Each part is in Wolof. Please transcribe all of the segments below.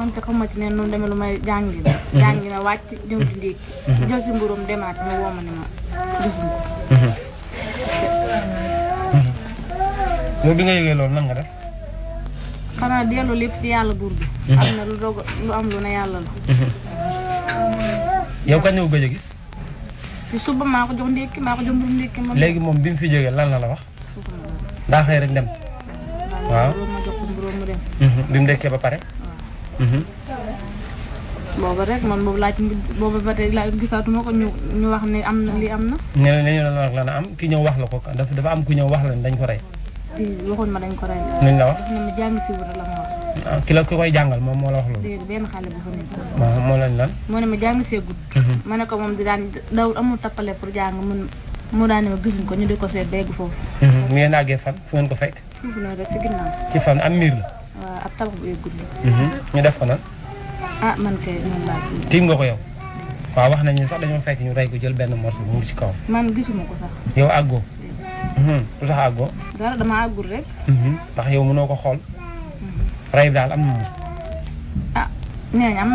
man te xamante ne noonu demee lu may jàngi na. jàngi na wàcc ñëw di ndékki. jël si mburum demaat ñu woo ma ne ma ko. Mhm. yow bi nga yëgee loolu nan nga lépp yàlla buur bi. Mhm. am ne yàlla mhm. yow ko jox ndékki maa ko jox mburum ndékki moom. léegi moom bi mu fi jógee lan la la wax. daa xëy rek dem. waaw ma mu dem. bi ba pare. Mhm. booba rek man boobu laaj booba ba tey laaj gisaatuma ko ñu ñu wax ne am na lii am na. ñu ne ñu wax la na am wax la ko dafa dafa am ku ñëw wax la ne dañ ko rey. waxuñ ma ko rey. nañ la ne si wut la ma wax. ah moo la wax loolu. déedéet benn xale bu fa nekk. waaw moo leen lan. moo ne ma jàng see gudd. Mhm. ma ne ko moom di daan daw amul tappale pour jàng mun mu daan ne ma gisuñ ko ñu di ko seet beegu foofu. mu mhm. ngeen àggee fan fu ngeen ko fekk. fii si ci fan am miir la. tabax mhm. ñu def ko nan. ah tiim nga ko yow. waaw wax nañu sax dañoo fekk ñu rey ko jël benn morso mu si kawam. man gisuma ko sax. yow àggoo. Mhm. lu sax àggoo. dara dama àggul rek. Mhm. ndax yow mënoo ko xool. rey daal am na ah nee am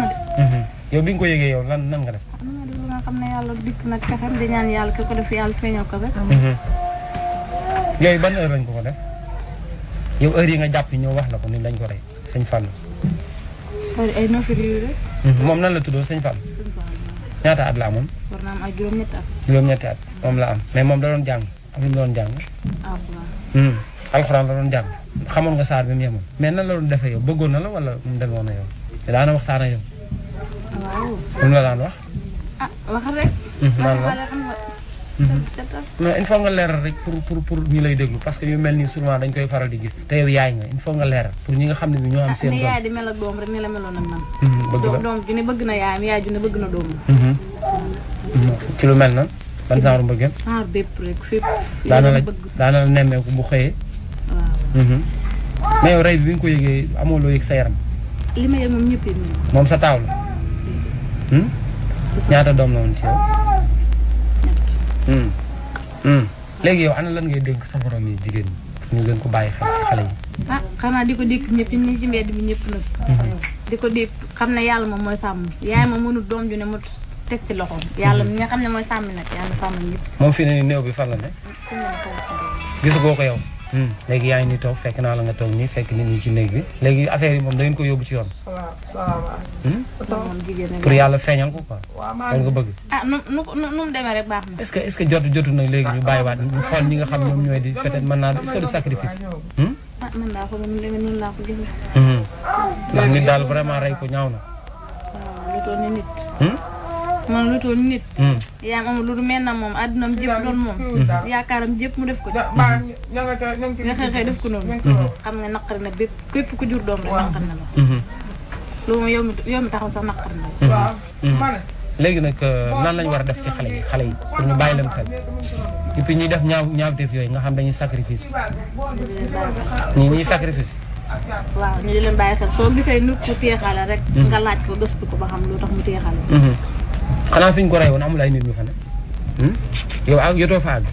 yow bi nga ko yëgee yow lan nan nga def. am nag pexem yàlla ki ko def yàlla feeñal ko rek. yooyu ban heure lañ ko ko yi nga jàpp ñëw wax la ko ni lañ ko rey. sëñ Fall. ay mhm. moom nan la tuddoo sëñ Fall. ñaata at la amoon. war juróom-ñetti at. juróom moom la am mais moom da doon jàng am lu mu doon jàng. Ah, mhm. la doon jàng xamoon nga saar bi mu yemoon mais nan la defee yow bëggoon na la wala mu demoon na yow daana waxtaan ak yow. la daan wax. Ah, non il faut nga leeral rek pour pour pour ñu lay déglu parce que yu mel nii souvent dañ koy faral di gis te yow yaay nga il nga leeral pour ñi nga xam ne bi ñoo am seen ah, doom yaay di mel ak doom rek ni la meloon ak man na hmm, bëgg na hmm, hmm. ci lu mel na ban genre mbëggeel genre bépp rek fépp daana la daana la bu xëyee rey bi ko yëgee amoo loo moom ñëpp moom ñaata doom la woon ci Hmm. Hmm. léegi yow ana lan ngay dénk sa morom yi jigéen ñi ñu gën ko bàyyi xel xale yi. ah xanaa di ko dékk ñëpp ñi ci mbedd bi ñëpp nag. Hmm. di ko dékk xam ne yàlla moom mooy sàmm yaay ma mënut doom ju ne mu teg ci loxoom. yàlla mi nga ne mooy sàmmi nag yàlla sàmm ñëpp. moom fi ne nii néew bi fan la ne. gis nga ko yow. Hmm. léegi yaa ngi ni toog fekk naa la nga toog nii fekk nit ñi ci néeg léegi affaire moom da ngeen ko yóbbu ci yoon hmm? pour yàlla feeñal ko quoi loolu nga bëgg ah nu nu nu mu demee rek baax na que est-ce que jot jotu nag léegi ñu bàyyiwaat ñu xool ñi xam ñoom ñooy di peut-être mën naa est-ce que du sacrifice hmm? ah, ndax daal vraiment rek ko ñaaw na man lu toll nit. Hmm. yaam amul lu dul na moom àdduna am jëpp doon moom. yaakaaram mu def ko. nga xëy xëy def ko noonu. xam nga naqari na bépp képp ku jur doom rek naqari na la. loolu hmm. moom yow mi yow mi taxaw sax naqari na la. Hmm. waaw. léegi nag euh, lañ war a def ci xale yi xale yi pour ñu bàyyi leen xel ñuy def ñaaw ñaawteef yooyu nga xam dañuy sacrifice. ñi ñuy sacrifice. waaw ñu di leen bàyyi soo gisee nit ku teexaale rek. nga laaj ko gëstu ko ba xam lu tax mu teexaale. xanaa fi ñu ko rey woon amul ay nit ñu fa hmm? yow ak yotoo fa àgg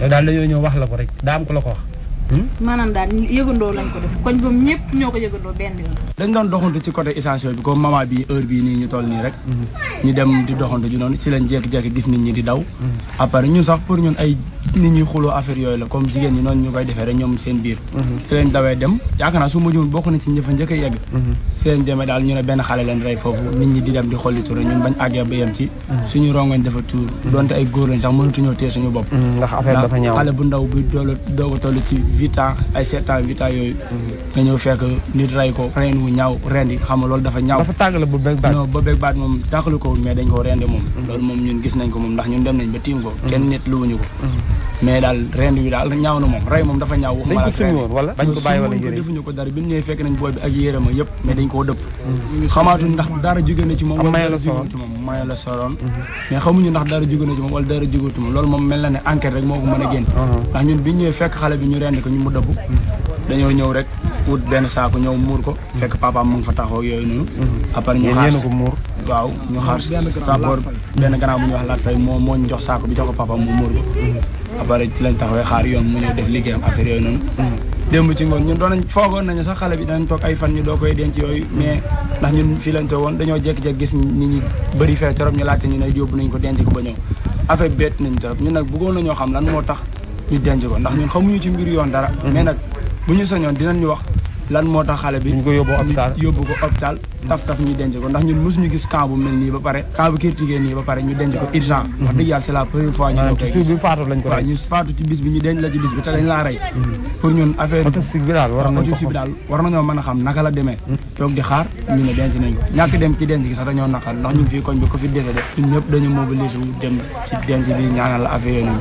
yow daal dañoo ñëw wax la ko rek daa am ko la ko wax. Hmm? maanaam daal yëgandoo lañ ko def koñ boobu ñëpp ñoo ko yëgandoo benn yoon. dañ doon doxantu ci côté station bi comme maman bi heure bii nii ñu toll nii rek. Hmm. ñu dem di doxantu ji noonu ci lañ jékki-jékki gis nit ñi di daw. après ñun sax pour ñun ay. nit ñuy xuloo affaire yooyu la comme jigéen ñi noonu ñu koy defee ñoom seen biir mhm. te leen a yegg mhm. seen demee daal ñu ne benn xale leen rey foofu nit ñi di mhm. dafa tuur dafa ñaaw xale a toll ci huit bu beeg baat non ba beeg baat moom tàggalu ko mais dañ ko rendi moom loolu moom ñun gis nañ ko moom ndax ñun dem nañ ba tiim ko kenn nit luwuñu ko mais daal rend wi daal ñaaw na moom rey moom dafa ñaaw wax dañ ko summi woon wala bañ ko defuñu ko dara bi ñu fekk nañ booy bi ak yére ma yëpp mais dañ koo dëpp mm-hmm. xamaatuñ ndax dara jóge na ci moom wala dara jóge ci moom mm-hmm. xamuñu ndax dara jóge na ci moom wala dara moom loolu moom mel na ne enquête rek moo ko mën a génn uh-huh. Uh-huh. ndax ñun bi ñu ñëwee fekk xale bi ñu rend ko ñu mu dëpp mm-hmm. dañoo ñëw rek wut benn saako ñëw muur ko fekk papaam mu ngi fa taxaw yooyu noonu après ñu xaar ko muur waaw ñu xaar saboor benn gannaaw bu ñu wax laat fay moo moo ñu jox saako bi jox ko papa mu muur ko après ci lañ taxawee xaar yoon mu ñëw def liggéeyam affaire yooyu noonu démb ci ngoon ñun doon foogoon nañu sax xale bi danañ toog ay fan ñu doo koy denc yooyu mais ndax ñun fii lañ toogoon dañoo jékki-jékki gis nit ñi bëri fee torop ñu laajte ñu ne yóbbu nañ ko denc ko ba ñëw affaire bett nañ torop ñun nag bëggoon nañoo xam lan moo tax ñu denc ko ndax ñun xamuñu ci mbir yoon dara mais nag bu ñu sañoon dinañ ñu wax lan moo tax xale bi ñu ko yóbbu hôpital yóbbu ko hôpital taf-taf ñu denc ko ndax ñun mosuñu gis camp mel nii ba pare camp bu nii ba pare ñu denc ko urgent mhm. wax dëgg ko waaw ñu faatu ci bis bi ñu denc la ci bis bi te lañ laa rey mhm. pour ñun affaire autopsie bi daal war nañoo a xam naka la mhm. denc nañ dem ci denc gi sax dañoo naqar ndax ñun fii koñ bi ko fi décédé ñun ñëpp dañu mobiliser wu dem ci denc bi ñaanal affaire yooyu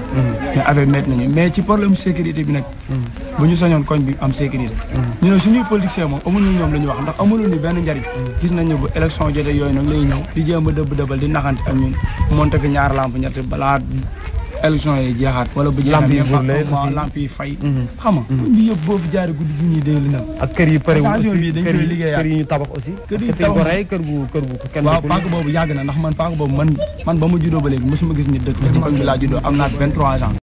mais affaire métti nañu mais ci problème sécurité bi nag la ñu wax ndax amuñu benn njariñ gis nañu bu élection jotee yooyu nag la ñuy ñëw a dëbb dëbbal di naxante ak ñun monte que ñaar lamp ñetti balaat élection yi jeexaat wala bu jeexaat lamp yi fay mhm. xam nga mhm. yëpp boobu jaari guddi bi ñuy déglu nag ak kër yi parewul aussi kër yi kër yi ñu tabax aussi parce que fi ko kër gu kër boobu yàgg na ndax man paak boobu man man juddoo ba léegi mosuma gis nit dëkk ci koñ bi laa juddoo am naa 23 ans